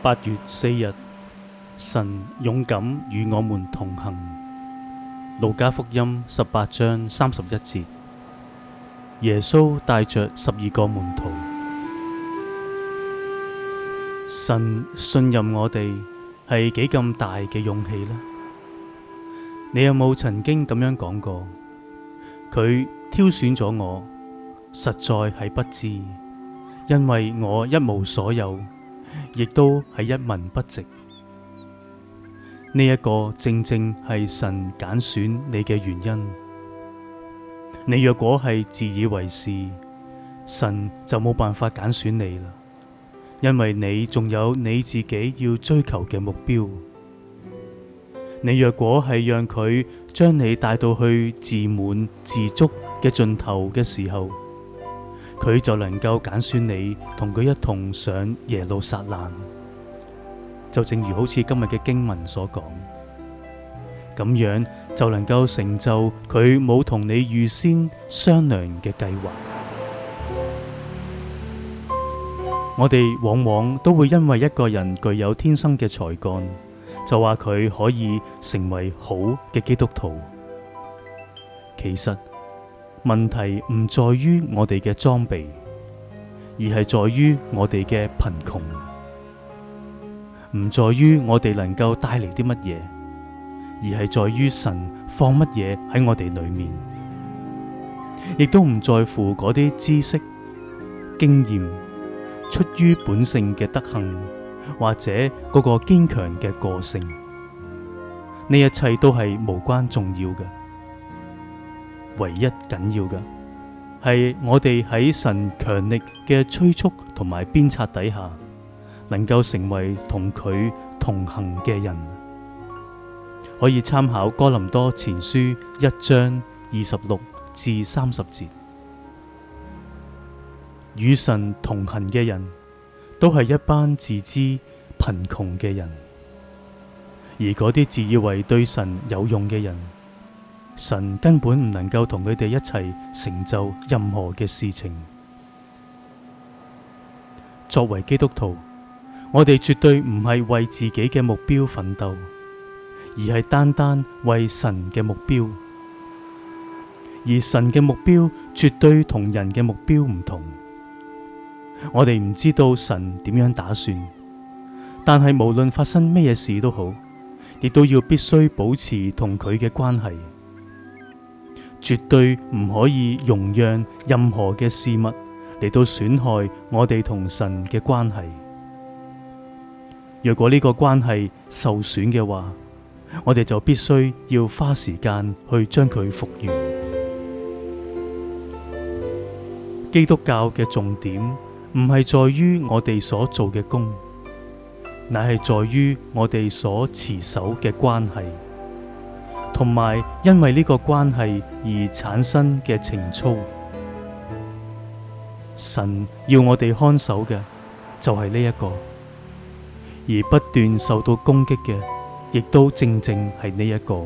八月四日，神勇敢與我們同行。路加福音十八章三十一節，耶穌帶着十二個門徒。神信任我哋係幾咁大嘅勇氣呢？你有冇曾經咁樣講過？佢挑選咗我，實在係不知，因為我一無所有。亦都係一文不值，呢一個正正係神揀選你嘅原因。你若果係自以為是，神就冇辦法揀選你啦，因為你仲有你自己要追求嘅目標。你若果係讓佢將你帶到去自滿自足嘅盡頭嘅時候。佢就能夠揀選你，同佢一同上耶路撒冷，就正如好似今日嘅經文所講，咁樣就能夠成就佢冇同你預先商量嘅計劃。我哋往往都會因為一個人具有天生嘅才幹，就話佢可以成為好嘅基督徒。其實，問題唔在於我哋嘅裝備，而係在於我哋嘅貧窮；唔在於我哋能夠帶嚟啲乜嘢，而係在於神放乜嘢喺我哋裏面。亦都唔在乎嗰啲知識、經驗、出於本性嘅德行，或者嗰個堅強嘅個性，呢一切都係無關重要嘅。唯一緊要嘅係我哋喺神強力嘅催促同埋鞭策底下，能夠成為同佢同行嘅人，可以參考哥林多前書一章二十六至三十節。與神同行嘅人都係一班自知貧窮嘅人，而嗰啲自以為對神有用嘅人，神根本唔能夠同佢哋一齊成就任何嘅事情。作為基督徒，我哋絕對唔係為自己嘅目標奮鬥，而係單單為神嘅目標。而神嘅目標絕對同人嘅目標唔同。我哋唔知道神點樣打算，但係無論發生咩嘢事都好，亦都要必須保持同佢嘅關係。絕對唔可以容讓任何嘅事物嚟到損害我哋同神嘅關係。若果呢個關係受損嘅話，我哋就必須要花時間去將佢復原。基督教嘅重點唔係在於我哋所做嘅功，乃係在於我哋所持守嘅關係。同埋，因為呢個關係而產生嘅情操，神要我哋看守嘅就係呢一個，而不斷受到攻擊嘅，亦都正正係呢一個。